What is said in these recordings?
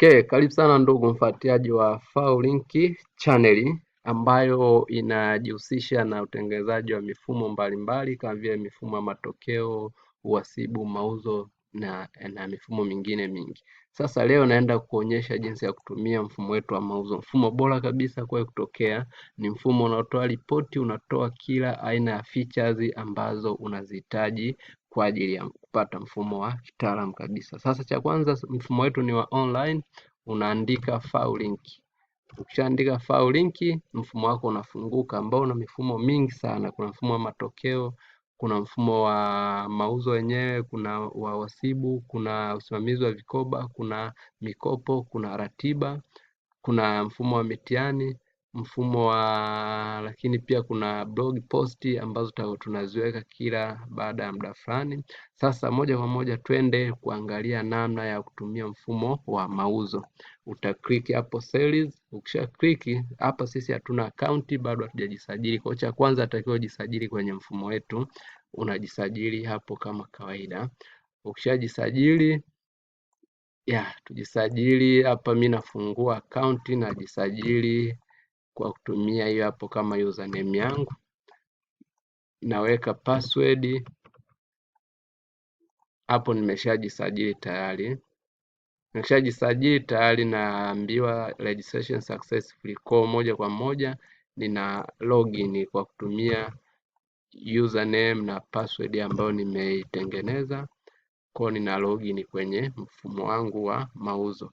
Okay, karibu sana ndugu mfuatiliaji wa Faulink channel ambayo inajihusisha na utengenezaji wa mifumo mbalimbali kama vile mifumo ya matokeo, uhasibu, mauzo na, na mifumo mingine mingi. Sasa leo naenda kuonyesha jinsi ya kutumia mfumo wetu wa mauzo. Mfumo bora kabisa kwa kutokea ni mfumo unaotoa ripoti, unatoa kila aina ya features ambazo unazihitaji kwa ajili ya kupata mfumo wa kitaalam kabisa. Sasa cha kwanza, mfumo wetu ni wa online, unaandika fau link. Ukishaandika fau link, mfumo wako unafunguka, ambao una mifumo mingi sana. Kuna mfumo wa matokeo, kuna mfumo wa mauzo wenyewe, kuna wa wasibu, kuna usimamizi wa vikoba, kuna mikopo, kuna ratiba, kuna mfumo wa mitihani mfumo wa, lakini pia kuna blog post ambazo tunaziweka kila baada ya muda fulani. Sasa moja kwa moja twende kuangalia namna ya kutumia mfumo wa mauzo. click hapo sales. Ukisha click hapa, sisi hatuna account bado, hatujajisajili. Kwa cha kwanza atakiwa jisajili kwenye mfumo wetu, unajisajili hapo kama kawaida. Ukishajisajili ya tujisajili hapa, mi nafungua akaunti jisajili kwa kutumia hiyo hapo kama username yangu, naweka password hapo. Nimeshajisajili tayari, nimeshajisajili tayari, naambiwa registration successfully. Kwa moja kwa moja nina login kwa kutumia username na password ambayo nimeitengeneza. Kwa nina login kwenye mfumo wangu wa mauzo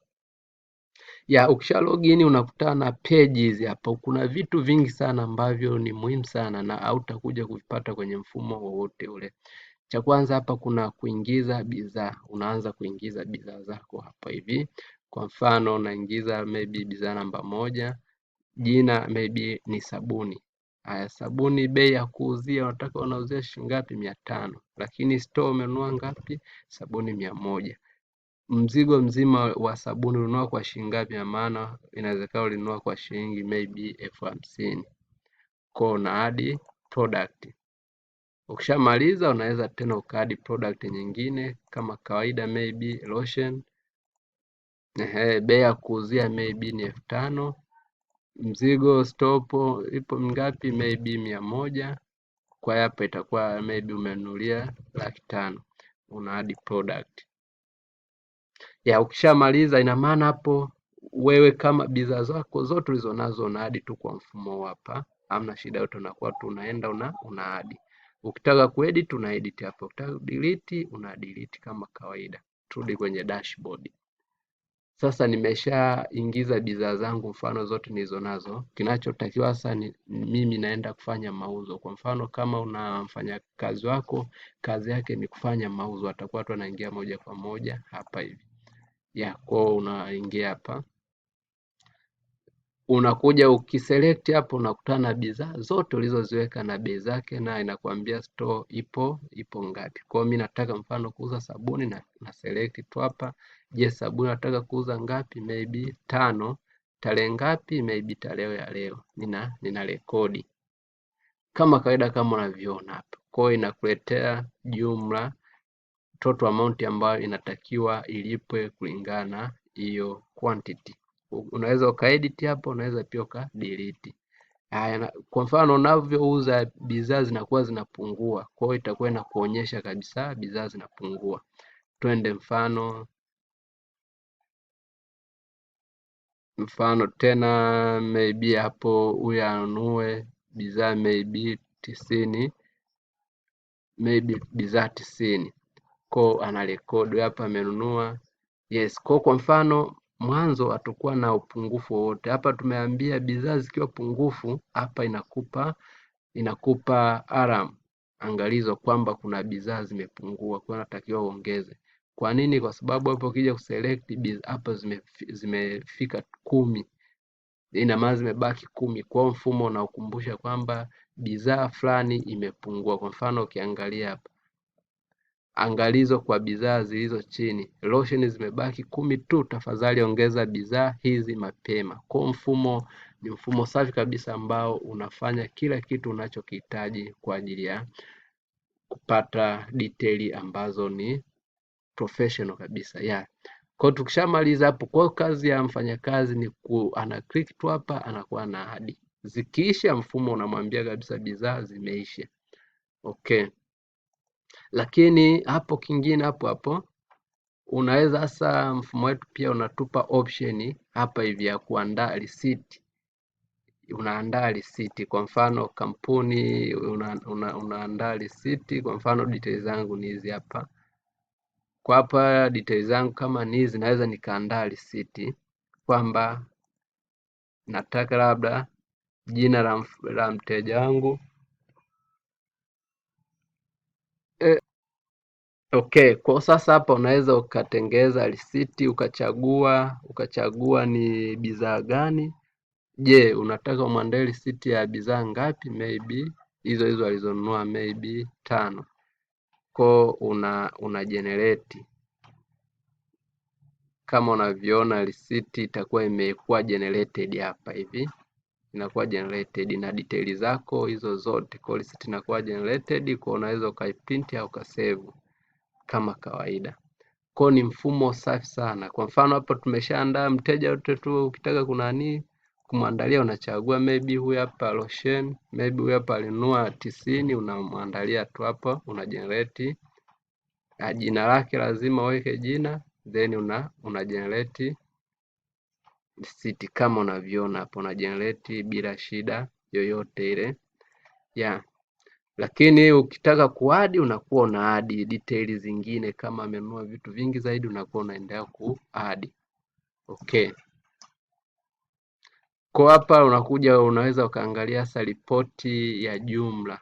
ya ukisha login unakutana na pages hapo. Kuna vitu vingi sana ambavyo ni muhimu sana na hautakuja kuvipata kwenye mfumo wowote ule. Cha kwanza hapa kuna kuingiza bidhaa, unaanza kuingiza bidhaa zako hapa hivi. Kwa mfano unaingiza maybe bidhaa namba moja, jina maybe ni sabuni. Haya, sabuni bei ya kuuzia unataka unauzia shilingi ngapi? mia tano. Lakini store umenunua ngapi? sabuni mia moja mzigo mzima wa sabuni ulinunua kwa shilingi ngapi? na maana inawezekana ulinunua kwa shilingi maybe elfu hamsini ko una hadi product. Ukishamaliza unaweza tena ukaadi product nyingine kama kawaida, maybe lotion. Ehe, bei ya kuuzia maybe ni elfu tano mzigo stopo ipo ngapi? Maybe mia moja kwa hapa itakuwa maybe umenunulia laki tano una add product ya ukishamaliza, ina maana hapo wewe kama bidhaa zako zote ulizonazo unaadi tu kwa mfumo hapa, hamna shida yote, unakuwa tu unaenda una unaadi. Ukitaka kuedit una edit hapo, ukitaka delete una delete kama kawaida. Turudi kwenye dashboard. Sasa nimeshaingiza bidhaa zangu mfano zote nilizo nazo. Kinachotakiwa sasa ni mimi naenda kufanya mauzo. Kwa mfano kama una mfanyakazi wako kazi yake ni kufanya mauzo, atakuwa tu anaingia moja kwa moja hapa hivi ya kwa unaingia hapa, unakuja ukiselect hapo, unakutana na bidhaa zote ulizoziweka na bei zake, na inakuambia store ipo ipo ngapi. Kwao mimi nataka mfano kuuza sabuni na, na select tu hapa, je, yes, sabuni nataka kuuza ngapi? Maybe tano. Tarehe ngapi? Maybe tarehe ya leo. Nina nina rekodi kama kawaida, kama unavyoona hapo. Kwao inakuletea jumla total amount ambayo inatakiwa ilipwe kulingana hiyo quantity. Unaweza ukaedit hapo, unaweza pia ukadelete. Kwa mfano unavyouza bidhaa zinakuwa zinapungua, kwa hiyo itakuwa inakuonyesha kabisa bidhaa zinapungua. Twende mfano mfano tena, maybe hapo huyu anunue bidhaa maybe tisini, maybe bidhaa tisini ko anarekodi hapa amenunua yes ko kwa mfano mwanzo hatakuwa na upungufu wowote hapa tumeambia bidhaa zikiwa pungufu hapa inakupa inakupa alarm angalizo kwamba kuna bidhaa zimepungua kwa natakiwa uongeze kwa nini kwa sababu hapo ukija kuselect hapa zime, zimefika kumi ina maana zimebaki kumi kwao mfumo unaokumbusha kwamba bidhaa fulani imepungua kwa mfano ukiangalia hapa Angalizo kwa bidhaa zilizo chini, losheni zimebaki kumi tu, tafadhali ongeza bidhaa hizi mapema. Kwa mfumo ni mfumo safi kabisa ambao unafanya kila kitu unachokihitaji kwa ajili ya kupata detaili ambazo ni professional kabisa yeah. Kwa tukishamaliza hapo, kwa kazi ya mfanyakazi ni ku ana click tu hapa, anakuwa na hadi zikiisha, mfumo unamwambia kabisa bidhaa zimeisha. Okay. Lakini hapo kingine hapo hapo unaweza sasa, mfumo wetu pia unatupa option hapa hivi ya kuandaa risiti. Unaandaa risiti kwa mfano kampuni una, una, unaandaa risiti kwa mfano details zangu ni hizi hapa. Kwa hapa details zangu kama ni hizi, naweza nikaandaa risiti kwamba nataka labda jina la mteja wangu Okay, kwa sasa hapa unaweza ukatengeza risiti ukachagua ukachagua ni bidhaa gani. Je, unataka umwandae risiti ya bidhaa ngapi? Maybe hizo hizo alizonunua maybe tano. Ko una, una generate kama unavyoona risiti itakuwa imekuwa generated hapa hivi, inakuwa generated na details zako hizo zote, kwa risiti inakuwa generated, kwa unaweza ukaiprint au ukasave kama kawaida. Kwao ni mfumo safi sana. Kwa mfano hapo tumeshaandaa mteja wote tu, ukitaka kuna nini kumwandalia, unachagua maybe huyu hapa lotion, maybe huyu hapa alinunua tisini, unamwandalia tu hapa, una generate ah, jina lake, lazima uweke jina then una, una generate city kama unavyoona hapo, una generate bila shida yoyote ile yeah. Lakini ukitaka kuadi unakuwa una adi details zingine, kama amenunua vitu vingi zaidi unakuwa unaendelea kuadi. Okay, kwa hapa unakuja unaweza ukaangalia hasa ripoti ya jumla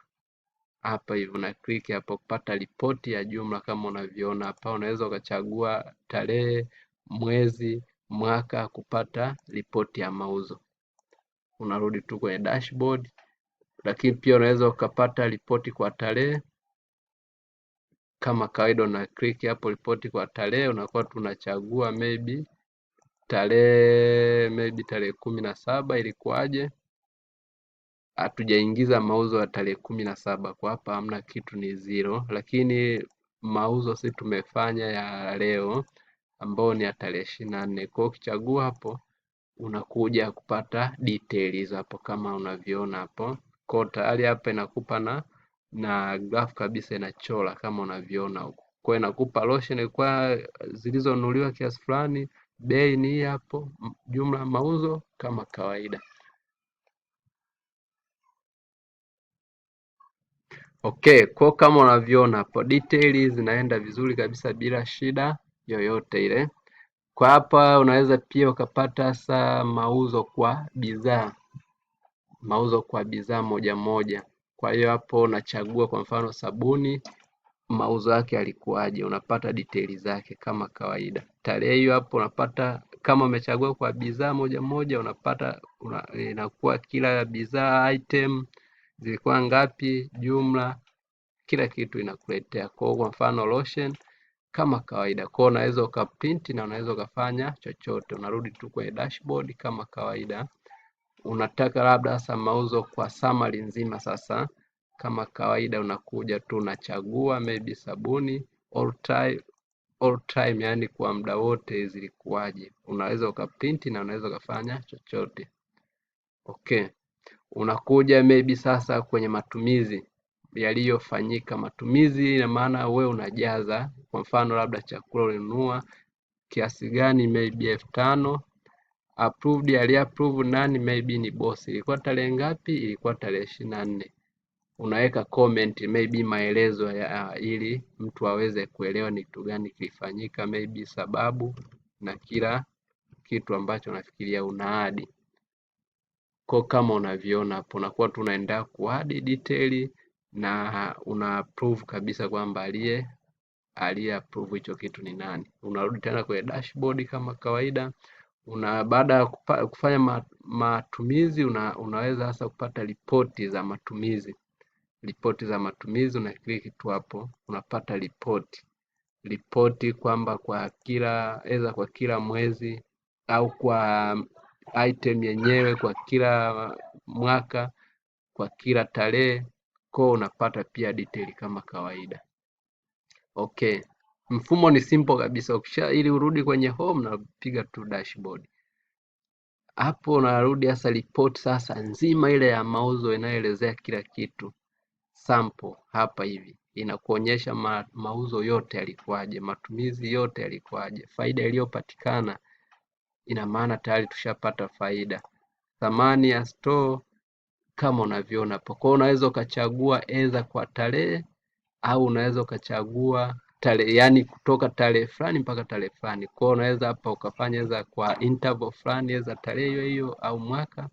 hapa hivi una click hapo kupata ripoti ya jumla. Kama unavyoona hapa, unaweza ukachagua tarehe, mwezi, mwaka kupata ripoti ya mauzo. Unarudi tu kwenye dashboard lakini pia unaweza ukapata ripoti kwa tarehe kama kawaida, una click hapo ripoti kwa tarehe, unakuwa tunachagua maybe tarehe maybe tarehe kumi na saba ilikuwaje? Hatujaingiza mauzo ya tarehe kumi na saba kwa hapa, hamna kitu, ni zero, lakini mauzo si tumefanya ya leo ambao ni ya tarehe ishirini na nne. Kwa ukichagua hapo unakuja kupata details hapo kama unavyoona hapo. Kwa tayari hapa inakupa na na graph kabisa inachora kama unavyoona huko. Kwa inakupa lotion kwa zilizonunuliwa kiasi fulani, bei ni hii hapo, jumla mauzo kama kawaida. Okay, kwa kama unavyoona hapo details zinaenda vizuri kabisa bila shida yoyote ile. Kwa hapa unaweza pia ukapata hasa mauzo kwa bidhaa mauzo kwa bidhaa moja moja. Kwa hiyo hapo unachagua kwa mfano sabuni mauzo yake yalikuwaje, unapata detaili zake kama kawaida. Tarehe hiyo hapo unapata kama umechagua kwa bidhaa moja moja, unapata una, inakuwa kila bidhaa item zilikuwa ngapi, jumla, kila kitu inakuletea. Kwa kwa mfano lotion kama kawaida, kwa unaweza ukaprint na unaweza ukafanya chochote, unarudi tu kwenye dashboard kama kawaida unataka labda hasa mauzo kwa summary nzima. Sasa kama kawaida, unakuja tu unachagua maybe sabuni all time, all time, yani kwa muda wote zilikuwaje. Unaweza ukaprinti na unaweza ukafanya chochote okay. Unakuja maybe sasa kwenye matumizi yaliyofanyika. Matumizi ina maana wewe unajaza, kwa mfano labda chakula ulinunua kiasi gani, maybe elfu tano approved ali approve nani maybe ni boss. Ilikuwa tarehe ngapi? Ilikuwa tarehe ishirini na nne. Unaweka comment maybe maelezo ya uh, ili mtu aweze kuelewa ni kitu gani kilifanyika, maybe sababu na kila kitu ambacho unafikiria unaadi ko kama unavyoona hapo, unakuwa tu unaenda kuadi detail na una approve kabisa kwamba aliye aliye approve hicho kitu ni nani. Unarudi tena kwenye dashboard kama kawaida una baada ya kufanya matumizi una, unaweza hasa kupata ripoti za matumizi. Ripoti za matumizi una click tu hapo, unapata ripoti ripoti kwamba kwa kila eza kwa kila mwezi au kwa item yenyewe kwa kila mwaka kwa kila tarehe, ko unapata pia detail kama kawaida. Okay, mfumo ni simple kabisa. Ukisha ili urudi kwenye home, napiga tu dashboard hapo, unarudi hasa report sasa nzima ile ya mauzo inayoelezea kila kitu. Sample hapa hivi inakuonyesha ma, mauzo yote yalikuwaje, matumizi yote yalikuwaje, faida iliyopatikana. Ina maana tayari tushapata faida. Thamani ya store kama unavyoona hapo, kwa unaweza ukachagua eza kwa tarehe au unaweza ukachagua tarehe, yani kutoka tarehe fulani mpaka tarehe fulani. Kwa hiyo unaweza hapa ukafanya za kwa interval fulani za tarehe hiyo hiyo au mwaka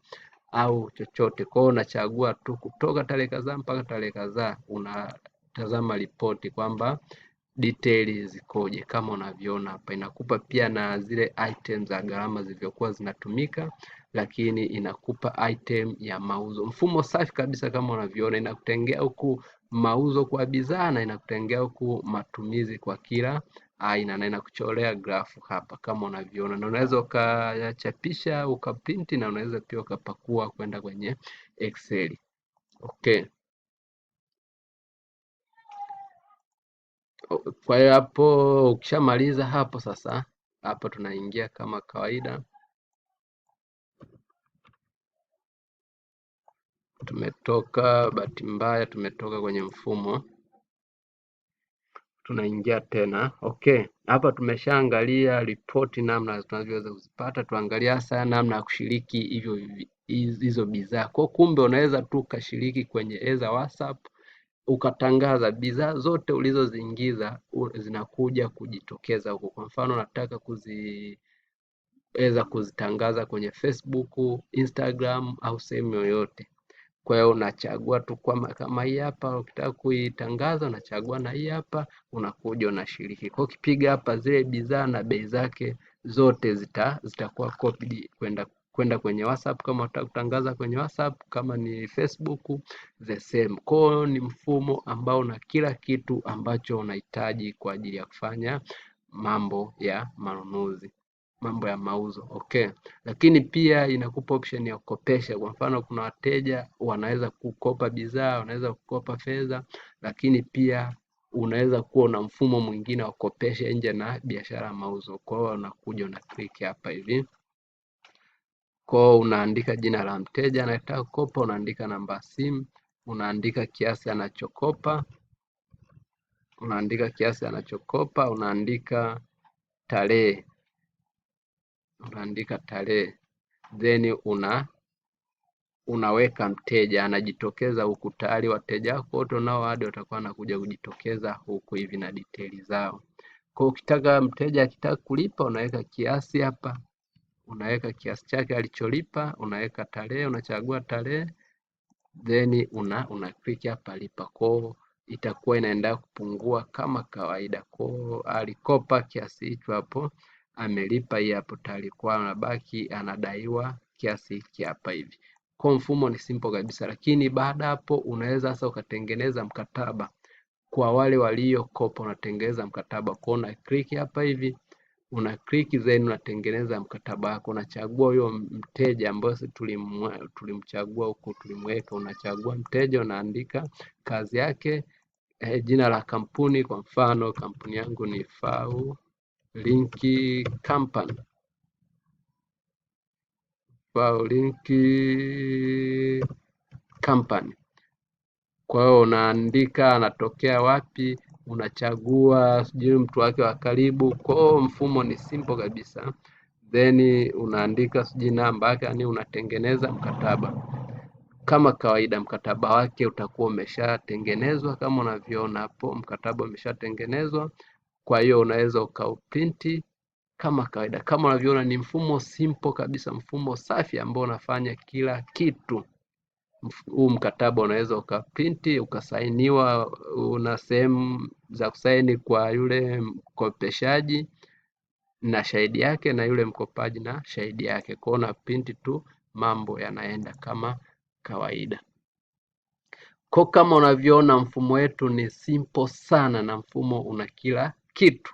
au chochote. Kwa hiyo unachagua tu kutoka tarehe kadhaa mpaka tarehe kadhaa, unatazama ripoti kwamba details zikoje, kama unavyoona hapa. Inakupa pia na zile items za gharama zilivyokuwa zinatumika lakini inakupa item ya mauzo. Mfumo safi kabisa kama unavyoona, inakutengea huku mauzo kwa bidhaa na inakutengea huku matumizi kwa kila aina na inakuchorea grafu hapa kama unavyoona, na unaweza ukachapisha ukaprinti, na unaweza pia ukapakua kwenda kwenye Excel. Okay. Kwa hiyo hapo ukishamaliza hapo sasa, hapa tunaingia kama kawaida tumetoka, bahati mbaya tumetoka kwenye mfumo, tunaingia tena. Okay, hapa tumeshaangalia ripoti namna tunavyoweza kuzipata, tuangalia hasa namna ya kushiriki hivyo hizo bidhaa. Kwa kumbe unaweza tu ukashiriki kwenye eza WhatsApp ukatangaza bidhaa zote ulizoziingiza zinakuja kujitokeza huko. Kwa mfano nataka kuzi weza kuzitangaza kwenye Facebook, Instagram au sehemu yoyote. Kwa hiyo unachagua tu kama hii hapa, ukitaka kuitangaza unachagua na hii hapa, unakuja unashiriki. Kwa ukipiga hapa, zile bidhaa na bei zake zote zita zitakuwa copied kwenda kwenda kwenye WhatsApp kama unataka kutangaza kwenye WhatsApp, kama ni Facebook the same. Kwa ni mfumo ambao una kila kitu ambacho unahitaji kwa ajili ya kufanya mambo ya manunuzi mambo ya mauzo okay. Lakini pia inakupa option ya kukopesha. Kwa mfano, kuna wateja wanaweza kukopa bidhaa, wanaweza kukopa fedha, lakini pia unaweza kuwa na mfumo mwingine wa kukopesha nje na biashara ya mauzo. Kwa hiyo unakuja una click hapa hivi kwa unaandika jina la mteja anayetaka kukopa, unaandika namba ya simu, unaandika kiasi anachokopa, unaandika kiasi anachokopa, unaandika tarehe unaandika tarehe then una unaweka mteja anajitokeza huku tayari wateja wako wote nao hadi watakuwa wanakuja kujitokeza huku hivi na detaili zao. Kwa ukitaka mteja akitaka kulipa unaweka kiasi hapa, unaweka kiasi chake alicholipa, unaweka tarehe, unachagua tarehe then una una click hapa lipa. Kwa itakuwa inaenda kupungua kama kawaida. kwa alikopa kiasi hicho hapo amelipa hii hapo tayari, kwa anabaki anadaiwa kiasi hiki hapa hivi. Kwa mfumo ni simple kabisa, lakini baada hapo unaweza sasa ukatengeneza mkataba kwa wale waliokopa, unatengeneza mkataba kwa una click hapa hivi, una click then unatengeneza mkataba wako, unachagua huyo mteja ambaye tulimchagua huko, tulimweka, unachagua mteja, unaandika kazi yake, eh, jina la kampuni. Kwa mfano kampuni yangu ni FAU Linki Company. Wow, Linki Company. Kwa hiyo unaandika anatokea wapi, unachagua sijui mtu wake wa karibu. Kwa hiyo mfumo ni simple kabisa, then unaandika sijui namba yake, yani unatengeneza mkataba kama kawaida. Mkataba wake utakuwa umeshatengenezwa kama unavyoona hapo, mkataba umeshatengenezwa. Kwa hiyo unaweza ukauprinti kama kawaida. Kama unavyoona ni mfumo simple kabisa, mfumo safi ambao unafanya kila kitu. Huu mkataba unaweza ukaprinti ukasainiwa, una sehemu za kusaini kwa yule mkopeshaji na shahidi yake na yule mkopaji na shahidi yake. Kwa una printi tu, mambo yanaenda kama kawaida. Kwa kama unavyoona mfumo wetu ni simple sana na mfumo una kila kitu.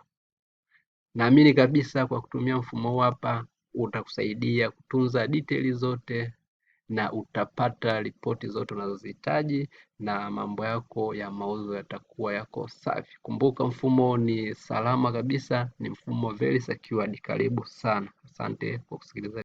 Naamini kabisa kwa kutumia mfumo huu hapa utakusaidia kutunza detaili zote na utapata ripoti zote unazozihitaji na mambo yako ya mauzo yatakuwa yako safi. Kumbuka mfumo ni salama kabisa, ni mfumo very secured. Karibu sana, asante kwa kusikiliza.